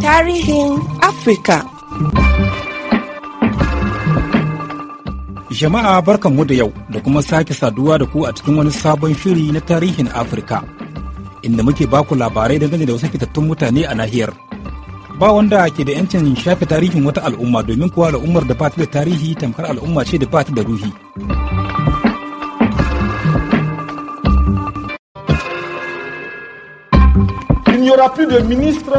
Tarihin Afirka Jama'a mu da yau da kuma sake saduwa da ku a cikin wani sabon shiri na tarihin Afirka inda muke baku labarai dangane da wasu fitattun mutane a nahiyar. Ba wanda ke da 'yancin shafe tarihin wata al'umma domin kuwa al'ummar da fata da tarihi tamkar al'umma ce da fata da ruhi. Il n'y aura plus de ministre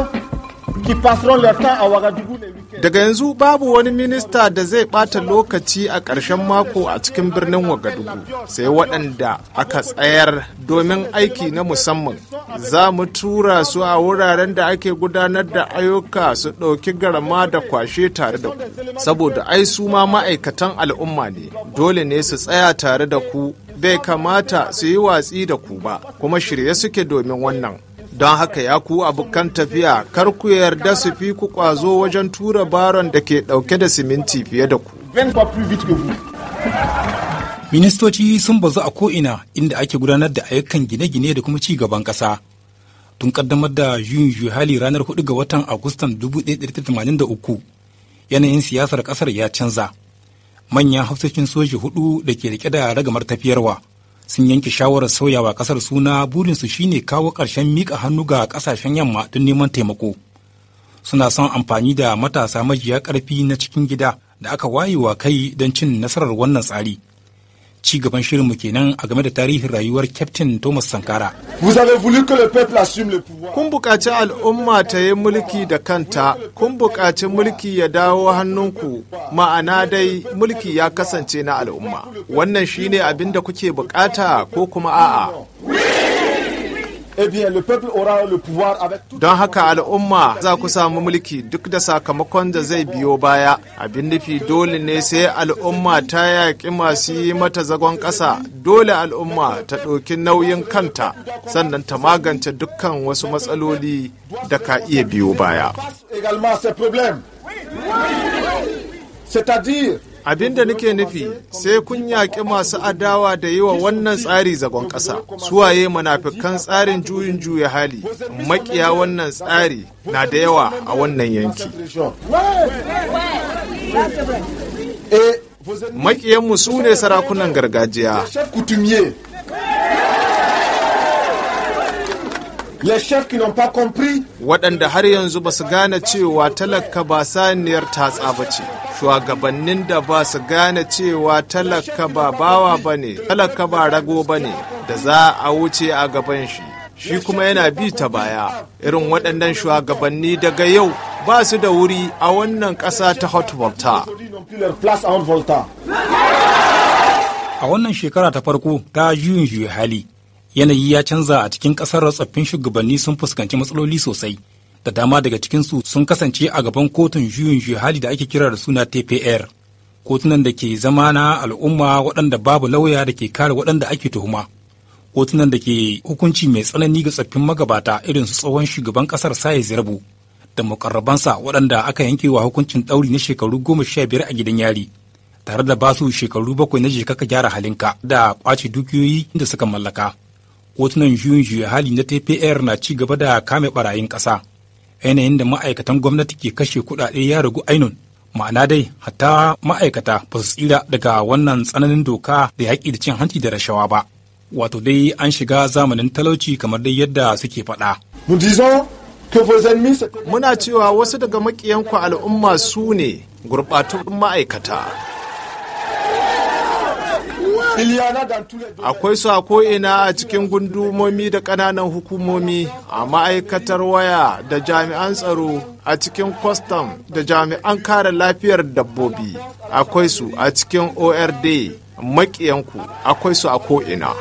Daga yanzu babu wani minista da zai ɓata lokaci a ƙarshen mako a cikin birnin Wagadugu sai waɗanda aka tsayar domin aiki na musamman. Za mu tura su a wuraren da ake gudanar da ayyuka su ɗauki garama da kwashe tare da ku. Saboda ai su ma ma'aikatan al'umma ne, dole ne su tsaya tare da ku bai kamata su yi watsi da ku ba, kuma shirye suke domin wannan. don haka ya ku abokan tafiya kar ku yarda su fi ku kwazo wajen tura baron da ke dauke da siminti fiye da ku. Ministoci sun bazu a ko'ina inda ake gudanar da ayyukan gine-gine da kuma ci gaban ƙasa. Tun kaddamar da Yun hali ranar 4 ga watan Agustan 1983, yanayin siyasar ƙasar ya canza. Manyan hafsoshin soji hudu da ke rike da ragamar tafiyarwa. sun yanke shawarar sauyawa kasar suna burinsu shine kawo ƙarshen miƙa hannu ga ƙasashen yamma don neman taimako suna son amfani da matasa majiya ƙarfi na cikin gida da aka wayewa kai don cin nasarar wannan tsari ci gaban shirin shirinmu kenan a game da tarihin rayuwar Captain Thomas Sankara. Kun buƙaci al'umma ta yi mulki da kanta, kun buƙaci mulki ya dawo hannunku, ma'ana dai mulki ya kasance na al'umma. Wannan shine abin da kuke buƙata ko kuma a'a. Eh Don haka al'umma za ku samu mulki duk da sakamakon da zai biyo baya, abin nufi dole ne sai al'umma ta yaƙi masu yi mata zagon ƙasa, dole al'umma ta ɗauki nauyin kanta sannan ta magance dukkan wasu matsaloli da ka iya biyo baya. cest Abin da nake nufi sai kun yaƙi masu adawa da yi wa wannan tsari zagon ƙasa, suwaye manafikan tsarin juyin juya hali, makiya wannan tsari na da yawa a wannan yanki. Eh, maƙiyanmu su ne sarakunan gargajiya. waɗanda har yanzu ba su gane cewa talaka ba saniyar tatsa ba ce shugabannin da ba su gane cewa talaka ba bawa ba ne talaka ba rago ba ne da za a wuce a gaban shi shi kuma yana bi ta baya irin waɗannan shugabanni daga yau ba su da wuri a wannan ƙasa ta hot volta a wannan shekara ta farko ta juyin juyi hali yanayi ya canza a cikin ƙasar tsaffin shugabanni sun fuskanci matsaloli sosai da dama daga cikinsu sun kasance a gaban kotun juyin hali da ake kira da suna tpr kotunan da ke zama na al'umma waɗanda babu lauya da ke kare waɗanda ake tuhuma kotunan da ke hukunci mai tsanani ga tsaffin magabata irin su tsohon shugaban kasar saye zirabu da mukarrabansa waɗanda aka yanke wa hukuncin ɗauri na shekaru goma sha biyar a gidan yari tare da basu shekaru bakwai na je ka gyara halinka da kwace dukiyoyi da suka mallaka kotunan juyin hali na tpr na ci gaba da kame barayin ƙasa yanayin da ma'aikatan gwamnati ke kashe kuɗaɗe ya ragu ainun ma'ana dai hatta ma'aikata ba su tsira daga wannan tsananin doka da yaƙi da cin hanci da rashawa ba wato dai an shiga zamanin talauci kamar dai yadda suke faɗa. muna cewa wasu daga makiyanku al'umma su ne gurɓatattun ma'aikata Akwai su a ko'ina a cikin gundumomi da ƙananan hukumomi, a ma'aikatar waya da jami'an tsaro, a cikin kwastam da jami'an kare lafiyar dabbobi. Akwai su a cikin ORD makiyanku akwai su a ko'ina.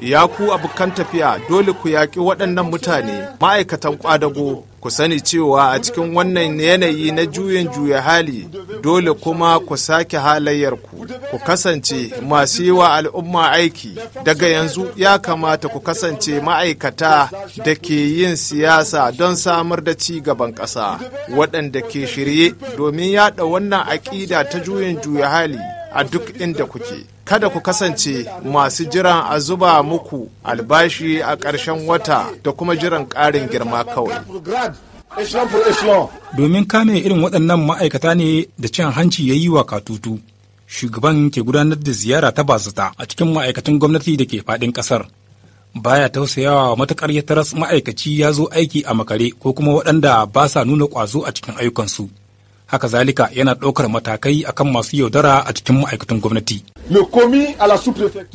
Ya ku abokan tafiya dole ku yaƙi waɗannan mutane ma'aikatan ƙwadago ku sani cewa a cikin wannan yanayi na juyin juya hali dole kuma ku sake halayyarku ku kasance masu yi wa al'umma aiki daga yanzu ya kamata ku kasance ma'aikata da ke yin siyasa don samar da ci gaban ƙasa waɗanda ke shirye domin yaɗa wannan aƙida ta juyin juya hali a duk inda kuke. kada ku kasance masu jiran a zuba muku albashi a ƙarshen wata da kuma jiran ƙarin girma kawai. Domin kame irin waɗannan ma'aikata ne da cin hanci ya yi wa katutu, shugaban ke gudanar da ziyara ta bazata a cikin ma'aikatan gwamnati da ke faɗin ƙasar. Baya tausayawa matuƙar ya taras ma'aikaci ya zo aiki a makare ko kuma waɗanda ba sa nuna ƙwazo a cikin ayyukansu. haka zalika yana ɗaukar matakai akan masu yaudara a cikin ma'aikatan gwamnati.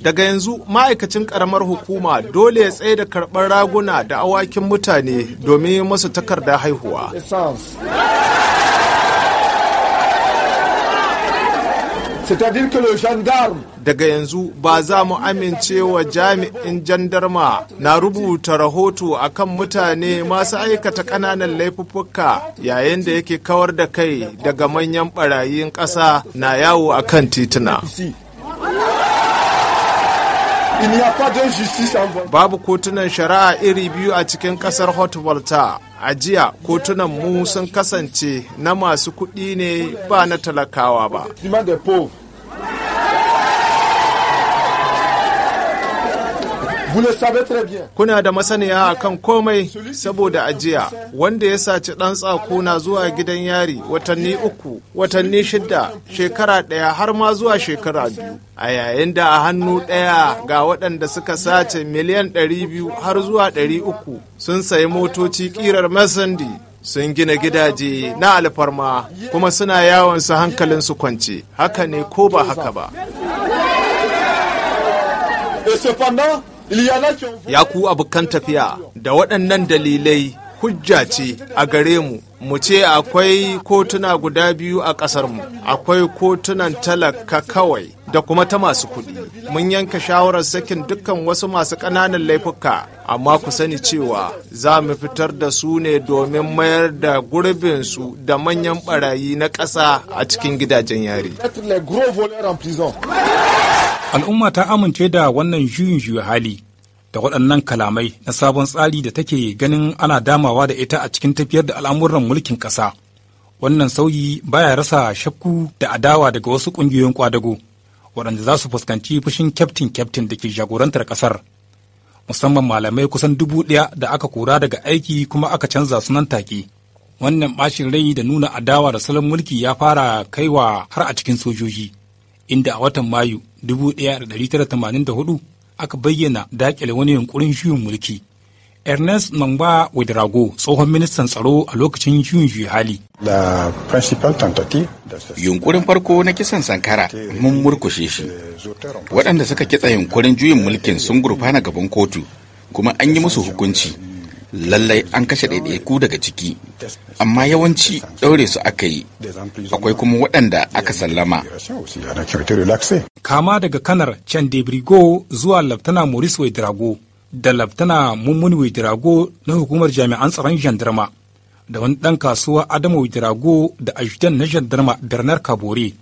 Daga yanzu ma'aikacin karamar hukuma dole ya tsaye da karɓar raguna da awakin mutane domin masu takardar haihuwa. Daga yanzu ba za mu amince wa jami'in jandarma na rubuta rahoto akan mutane masu aikata ƙananan laifuffuka yayin da yake kawar da kai daga manyan ɓarayin ƙasa na yawo akan tituna. Babu kotunan shari'a iri biyu a cikin kasar Hot Volta. A jiya kotunan mu sun kasance na masu kuɗi ne ba na talakawa ba. Kuna da masaniya a kan komai saboda ajiya wanda ya saci ɗan na zuwa gidan yari watanni uku, watanni shida, shekara ɗaya har ma zuwa shekara biyu. A yayin da a hannu ɗaya ga waɗanda suka sace miliyan ɗari biyu har zuwa ɗari uku sun sayi motoci ƙirar masandi sun gina gidaje na alfarma kuma suna yawon su hankalin su kwance haka ne ko ba haka ba. Ya ku abokan tafiya da waɗannan dalilai hujja ce a gare mu mu ce akwai kotuna guda biyu a ƙasarmu akwai kotunan talaka kawai da kuma ta masu kuɗi mun yanka shawarar sakin dukkan wasu masu ƙananan laifuka amma ku sani cewa za mu fitar da su ne domin mayar da gurbinsu da manyan barayi na ƙasa a cikin gidajen yari al'umma ta amince da wannan juyin juya hali da waɗannan kalamai na sabon tsari da take ganin ana damawa da ita a cikin tafiyar da al'amuran mulkin ƙasa wannan sauyi baya rasa shakku da adawa daga wasu ƙungiyoyin kwadago waɗanda za su fuskanci fushin kyaftin kyaftin da ke jagorantar ƙasar musamman malamai kusan dubu ɗaya da aka kura daga aiki kuma aka canza su nan take wannan ɓacin rai da nuna adawa da salon mulki ya fara kaiwa har a cikin sojoji inda a watan mayu 1984 aka bayyana dakile wani yunkurin juyin mulki Ernest Mangba wadirago tsohon ministan tsaro a lokacin juyin hali. Yunkurin farko na kisan Sankara mun murkushe shi. Waɗanda suka kitsa yunkurin juyin mulkin sun gurfana gaban kotu kuma an yi musu hukunci. lallai an kashe ɗaiɗaiku daga ciki amma yawanci ɗaure su aka yi akwai kuma waɗanda aka sallama kama daga kanar can debrigo zuwa laftana maurice wedrago da laftana wai wedrago na hukumar jami'an tsaron jandarma da wani ɗan kasuwa adamu wedrago da ajudan na jandarma bernard kabore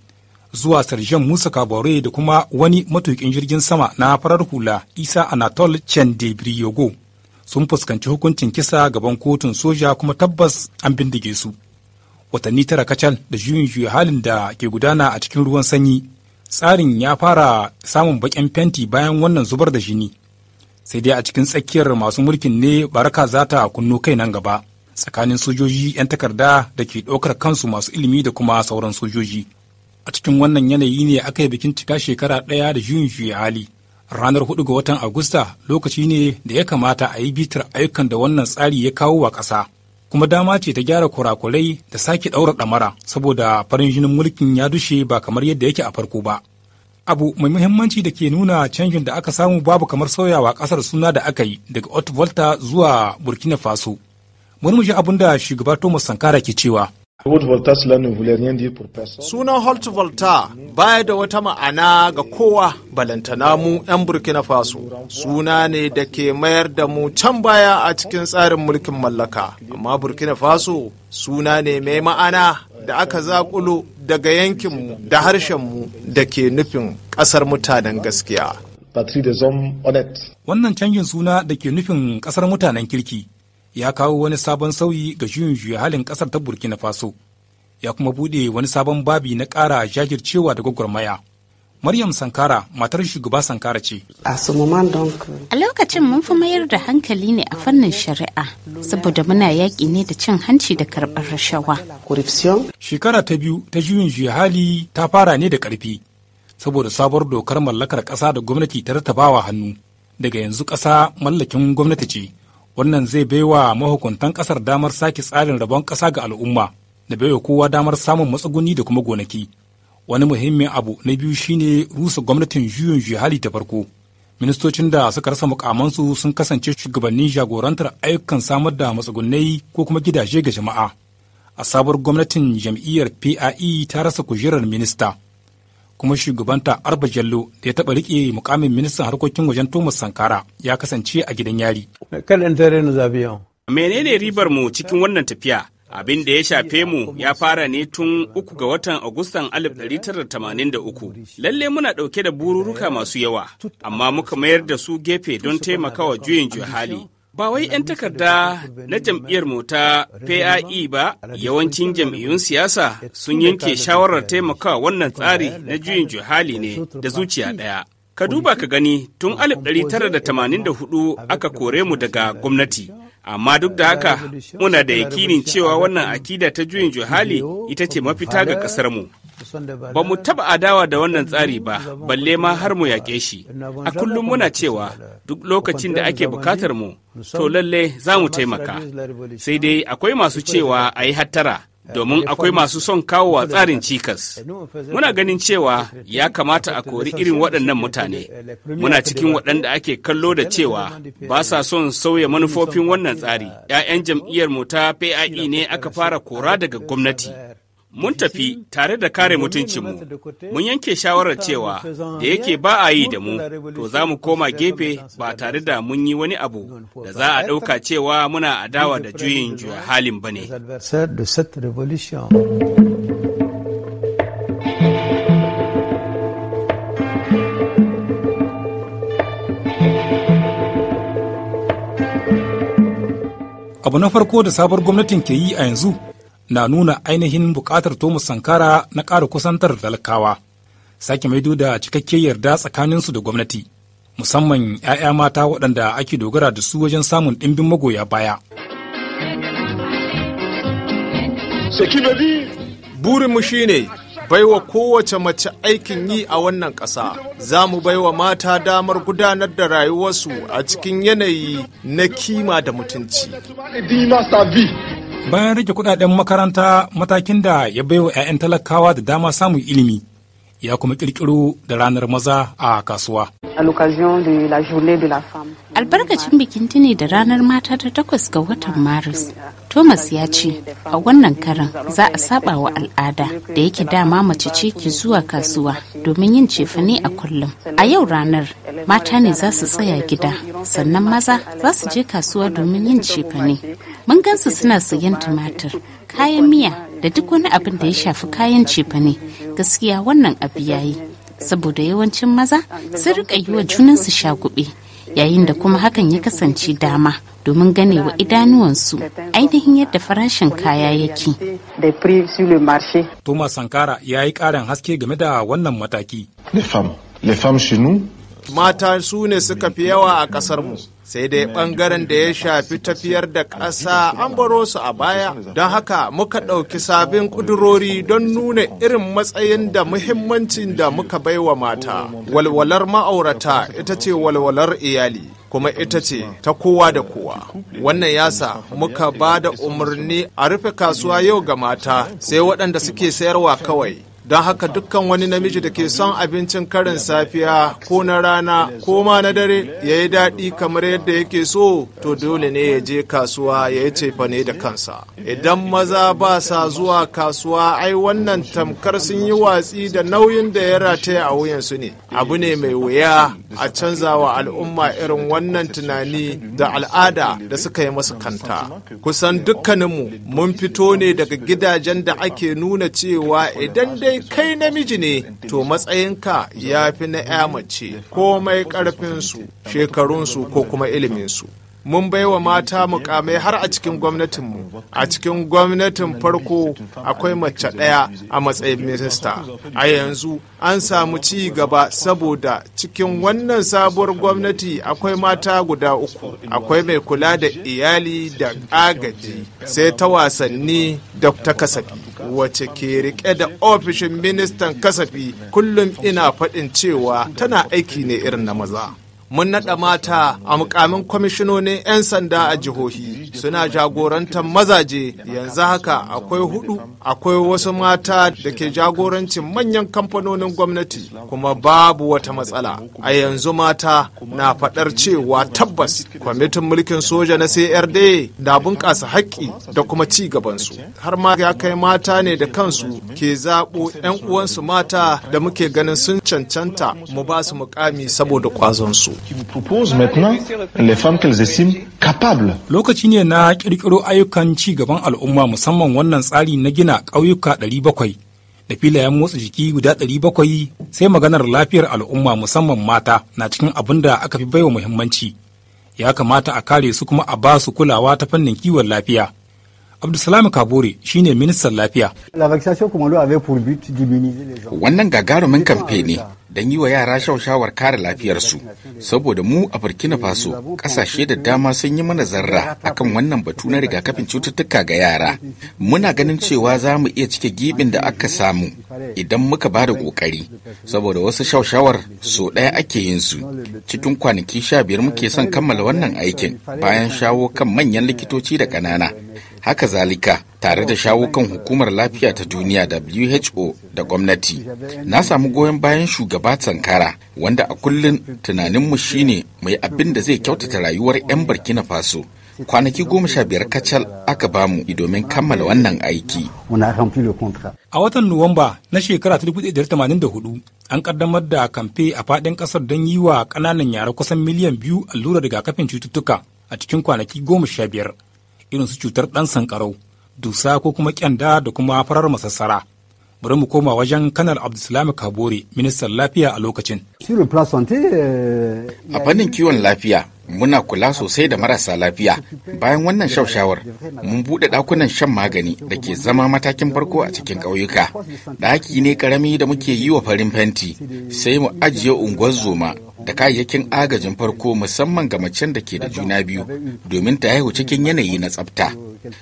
zuwa sarjan musa kabore da kuma wani matukin jirgin sama na farar hula isa anatol chendebriogo sun fuskanci hukuncin kisa gaban kotun soja kuma tabbas an bindige su watanni tara kacal da juyin juya halin da ke gudana a cikin ruwan sanyi tsarin ya fara samun baƙin fenti bayan wannan zubar da jini sai dai a cikin tsakiyar masu mulkin ne baraka za ta kunno kai nan gaba tsakanin sojoji 'yan takarda da ke ɗaukar kansu masu ilimi da kuma sauran sojoji a cikin wannan yanayi ne aka yi bikin cika shekara ɗaya da juyin juya hali ranar 4 ga watan agusta lokaci ne da ya kamata a yi bitar ayyukan da wannan tsari ya kawo wa ƙasa kuma dama ce ta gyara kurakurai da sake ɗaura ɗamara saboda farin jinin mulkin ya dushe ba kamar yadda yake a farko ba abu mai muhimmanci da ke nuna canjin da aka samu babu kamar sauyawa ƙasar suna da aka yi daga otvolta volta zuwa burkina faso murmushi abin da shugaba thomas sankara ke cewa Sunan Holt Volta baya da wata ma'ana ga kowa balantana mu 'yan Burkina Faso. Suna ne da ke mayar da mu can baya a cikin tsarin mulkin mallaka. Amma Burkina Faso suna ne mai ma'ana da aka zaƙulo daga yankinmu da harshenmu da ke nufin ƙasar mutanen gaskiya. Wannan canjin suna da ke nufin ƙasar mutanen kirki ya kawo wani sabon sauyi ga juyin juya halin ƙasar ta burkina faso ya kuma buɗe wani sabon babi na ƙara jajircewa da gwagwarmaya Maryam Sankara matar shugaba Sankara ce. A lokacin mun fi mayar da hankali ne a fannin shari'a saboda muna yaƙi ne da cin hanci da karɓar rashawa. Shekara ta biyu ta juyin juya hali ta fara ne da ƙarfi saboda sabuwar dokar mallakar ƙasa da gwamnati ta rattabawa hannu daga yanzu ƙasa mallakin gwamnati ce wannan zai baiwa mahukuntan kasar damar sake tsarin rabon kasa ga al'umma da baiwa kowa damar samun matsuguni da kuma gonaki wani muhimmin abu na biyu shine rusa gwamnatin juyin juhali ta farko ministocin da suka rasa mukamansu sun kasance shugabannin jagorantar ayyukan samar da matsugunai ko kuma gidaje ga jama'a a sabuwar gwamnatin jam'iyyar pae ta rasa kujerar minista kuma shugabanta Arba Jallo da ya taɓa riƙe mukamin ministan harkokin wajen Thomas Sankara ya kasance a gidan yari. Menene ribar mu cikin wannan tafiya? Abin da ya shafe mu ya fara ne tun uku ga watan Agustan 1983. Lalle muna ɗauke da bururuka masu yawa, amma muka mayar da su gefe don taimakawa juyin hali Ba wai 'yan takarda na jam'iyyar mu ta PAE ba yawancin jam'iyyun siyasa sun yanke shawarar taimakawa wannan tsari na juyin juhali ne da zuciya ɗaya. Ka duba ka gani tun 1984 aka kore mu daga gwamnati. amma duk da haka muna da yakinin cewa wannan akida ta juyin juhali ita ce mafita ga ƙasarmu. Ba mu taɓa adawa da wannan tsari ba, balle ma har mu yaƙe shi. A kullum muna cewa duk lokacin da ake bukatar mu, to lalle za mu taimaka. Sai dai akwai masu cewa a yi hattara. domin akwai masu son kawo wa tsarin cikas. Muna ganin cewa ya kamata a kori irin waɗannan mutane. Muna cikin waɗanda ake kallo da cewa ba sa son sauya manufofin wannan tsari. 'Ya'yan jam'iyyar mu ta PAI e ne aka fara kora daga gwamnati. Mun tafi tare da kare mutuncinmu, mun yanke shawarar cewa da yake ba a yi da mu, to za mu koma gefe ba tare da mun yi wani abu da za a ɗauka cewa muna adawa da juyin juya halin ba ne. Abu na farko da sabon gwamnatin ke yi a yanzu na nuna ainihin buƙatar Thomas Sankara na ƙara kusantar talakawa, sake maido da cikakke yarda tsakaninsu da gwamnati, musamman 'ya'ya mata waɗanda ake dogara da su wajen samun ɗimbin magoya baya. Burinmu shine baiwa kowace mace aikin yi a wannan ƙasa za mu baiwa mata damar gudanar da rayuwarsu a cikin yanayi na kima da mutunci. bayan rike kudaden makaranta matakin da ya baiwa 'ya'yan talakawa da dama samun ilimi ya kuma kirkiro da ranar maza a kasuwa. Albarkacin bikin tuni da ranar mata ta takwas ga watan Maris, Thomas ya ce, a wannan karan za a saba wa al'ada da yake dama mace ce ke zuwa kasuwa domin yin cefane a kullum. A yau ranar, mata ne za su tsaya gida, sannan maza za su je kasuwa domin yin cefane. Mun gansu suna sayen tumatir, kayan miya, da duk wani abin da ya shafi kayan cefane gaskiya wannan abu yayi saboda yawancin maza sun rika yi wa junansu shagube yayin da kuma hakan ya kasance dama domin gane wa idanuwansu ainihin yadda farashin kaya yake. Thomas Sankara ya yi ƙarin haske game da wannan mataki. Mata su ne suka fi yawa a ƙasarmu. sai dai ɓangaren da ya shafi tafiyar da ƙasa an baro su a baya don haka muka ɗauki sabbin ƙudurori don nuna irin matsayin da muhimmancin da muka baiwa mata walwalar ma'aurata ita ce walwalar iyali kuma ita ce ta kowa da kowa wannan yasa muka ba da umarni a rufe kasuwa yau ga mata sai waɗanda suke sayarwa kawai don haka dukkan wani namiji da ke son abincin karin safiya ko na rana ko ma na dare ya yi daɗi kamar yadda yake so to dole ne ya je kasuwa ya yi cefane da kansa idan maza ba sa zuwa kasuwa ai wannan tamkar sun yi watsi da nauyin da ya rataya a wuyansu ne abu ne mai wuya a canzawa al'umma irin wannan tunani da al'ada da suka yi masu kanta kusan dukkaninmu mun fito ne daga gidajen da ake nuna cewa idan dai dai kai namiji ne to matsayinka ya fi na 'ya mace komai ƙarfinsu shekarunsu ko kuma iliminsu mun baiwa mata mukamai har a cikin gwamnatinmu a cikin gwamnatin farko akwai mace ɗaya a matsayin minista a yanzu an samu ci gaba saboda cikin wannan sabuwar gwamnati akwai mata guda uku akwai mai kula da iyali da agaji sai ta wasanni da ta kasafi Wace ke rike da ofishin ministan kasafi kullum ina faɗin cewa tana aiki ne irin na maza mun naɗa mata a mukamin kwamishinonin 'yan sanda a jihohi suna jagorantar mazaje yanzu haka akwai hudu akwai wasu mata da ke jagorancin manyan kamfanonin gwamnati kuma babu wata matsala a yanzu mata na faɗar cewa tabbas kwamitin mulkin soja na CRD na bunƙasa haƙƙi da kuma ci gabansu har ma ya kai mata ne da kansu ke zaɓo 'yan uwansu mata da muke ganin sun cancanta mu ba su mukami saboda ƙwazonsu Lokaci ne na ƙirƙiro ayyukan ci gaban al'umma musamman wannan tsari na gina ƙauyuka 700 da filayen motsa jiki guda 700 sai maganar lafiyar al'umma musamman mata na cikin abin da aka fi baiwa muhimmanci. Ya kamata a kare su kuma a ba su kulawa ta fannin kiwon lafiya. Abdulsalam Kabore shine ministan lafiya. Wannan gagarumin kamfe ne don yi wa yara shawar kare lafiyarsu saboda mu a burkina faso kasashe da dama sun yi mana zarra akan wannan batu na rigakafin cututtuka ga yara muna ganin cewa za mu iya cike gibin da aka samu idan muka ba da kokari saboda wasu shawar so ɗaya ake yin su cikin kwanaki sha biyar muke son kammala wannan aikin bayan shawo kan manyan likitoci da ƙanana haka zalika tare da shawo kan hukumar lafiya ta duniya WHO da gwamnati. Na samu goyon bayan shugaba Sankara wanda a kullum tunaninmu shine mai abin da zai kyautata rayuwar 'yan Burkina Faso. Kwanaki goma sha biyar kacal aka bamu domin kammala wannan aiki. A watan Nuwamba na shekara 1984 an kaddamar da kamfe a faɗin ƙasar don yi wa ƙananan yara kusan miliyan biyu allurar rigakafin cututtuka a cikin kwanaki goma sha biyar irin su cutar ɗan sankarau dusa ko kuma kyanda da kuma farar masassara bari mu koma wajen kanar abdulsalami kabore ministan lafiya a lokacin euh, a fannin kiwon lafiya muna kula sosai da marasa lafiya bayan wannan shawar mun buɗe ɗakunan shan magani da ke zama matakin farko a cikin ƙauyuka ɗaki ne ƙarami da muke yi wa farin fenti sai mu ajiye unguwar zoma da kayayyakin agajin farko musamman ga macen da ke da juna biyu domin ta haihu cikin yanayi na tsafta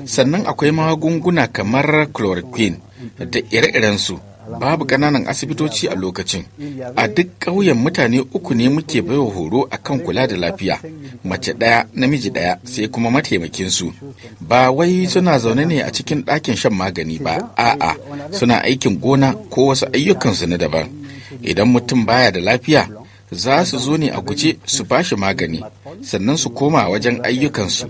sannan akwai magunguna kamar chloroquine da ire-irensu babu ƙananan asibitoci a lokacin a duk ƙauyen mutane uku ne muke baiwa horo a kan kula da lafiya mace ɗaya namiji ɗaya sai kuma mataimakinsu ba wai suna zaune ne a cikin ɗakin shan magani ba a'a suna aikin gona ko wasu ayyukansu na daban idan mutum baya da lafiya za su zo ne a guje su ba shi magani sannan su koma wajen ayyukansu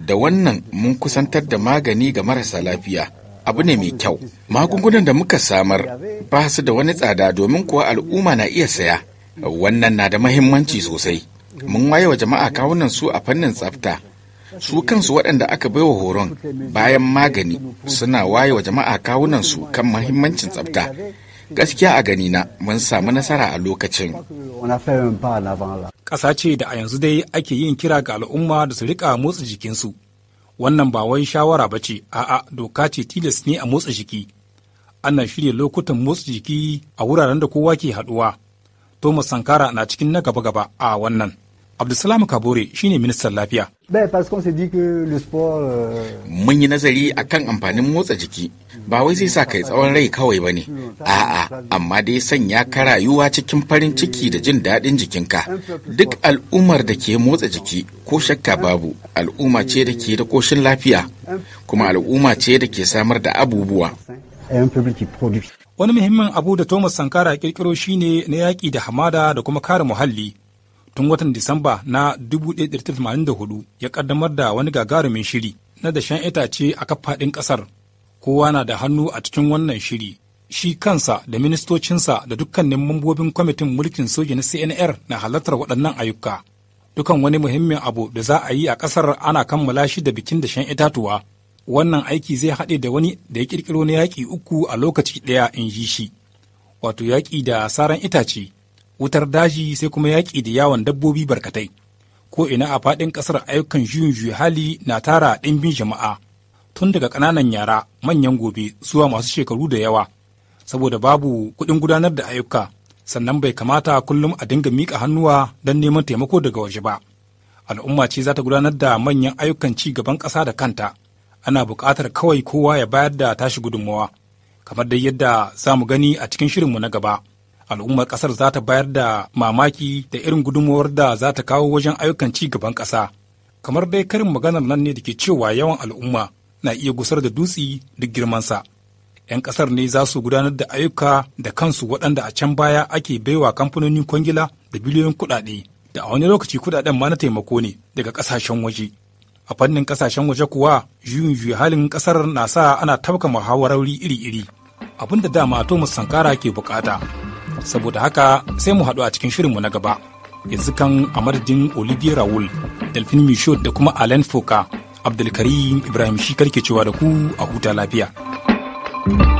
da wannan mun kusantar da magani ga marasa lafiya abu ne mai kyau magungunan da muka samar ba su da wani tsada domin kuwa al'umma na iya saya wannan na da mahimmanci sosai mun waye wa jama'a kawunan su a fannin tsafta su kansu waɗanda aka baiwa horon bayan magani suna waye wa jama'a kawunan su kan mahimmancin tsafta gaskiya a gani na mun samu nasara a lokacin ƙasa ce da a yanzu dai ake yin kira ga al'umma da su rika motsa jikinsu wannan ba wai shawara ba ce a'a doka ce tilas ne a motsa jiki ana shirya lokutan motsa jiki a wuraren da kowa ke haɗuwa thomas sankara na cikin na gaba-gaba a wannan Abdulsalam Kabore shine ministan lafiya. Euh, Mun yi nazari a kan amfanin motsa jiki, ba wai zai sa kai tsawon rai kawai ba ne, a'a, amma dai sanya ka rayuwa cikin farin ciki da jin daɗin jikinka. Duk al'ummar da ke motsa jiki ko shakka babu, al'umma ce da ke da ƙoshin lafiya, kuma al'umma ce da ke samar da abubuwa. Wani muhimmin abu da Thomas Sankara ya ƙirƙiro shine na yaƙi da hamada da kuma kare muhalli. tun watan Disamba na 1984 ya kaddamar da wani gagarumin shiri na dashen itace a kafaɗin ƙasar. Kowa na da hannu a cikin wannan shiri. Shi kansa da ministocinsa da dukkanin mambobin kwamitin mulkin soja na CNR na halartar waɗannan ayyuka. Dukan wani muhimmin abu da za a yi a ƙasar ana kammala shi da bikin dashen itatuwa. Wannan aiki zai haɗe da wani da ya ƙirƙiro na yaƙi uku a lokaci ɗaya in ji shi. Wato yaƙi da saran itace, wutar daji sai kuma yaƙi da yawon dabbobi barkatai ko ina a faɗin ƙasar ayyukan juyin juya hali na tara ɗimbin jama'a tun daga ƙananan yara manyan gobe zuwa masu shekaru da yawa saboda babu kuɗin gudanar da ayyuka sannan bai kamata kullum a dinga miƙa hannuwa don neman taimako daga waje ba al'umma ce za ta gudanar da manyan ayyukan ci gaban ƙasa da kanta ana buƙatar kawai kowa ya bayar da tashi gudunmawa kamar dai yadda za mu gani a cikin shirinmu na gaba. al'ummar ƙasar za ta bayar da mamaki da irin gudunmuwar da za ta kawo wajen ayyukan ci gaban ƙasa kamar dai karin maganar nan ne da ke cewa yawan al'umma na iya gusar da dutse duk girmansa 'yan ƙasar ne za su gudanar da ayyuka da kansu waɗanda a can baya ake baiwa kamfanonin kwangila da biliyoyin kuɗaɗe da a wani lokaci kuɗaɗen ma na taimako ne daga ƙasashen waje a fannin ƙasashen waje kuwa juyin juya halin ƙasar na sa ana tabka muhawarori iri-iri abinda dama thomas sankara ke bukata saboda haka sai mu haɗu a cikin shirinmu na gaba yanzu kan a madadin olivier raul delphine michaud da kuma alain foka abdulkarim ibrahim shi ke cewa da ku a huta lafiya. thank you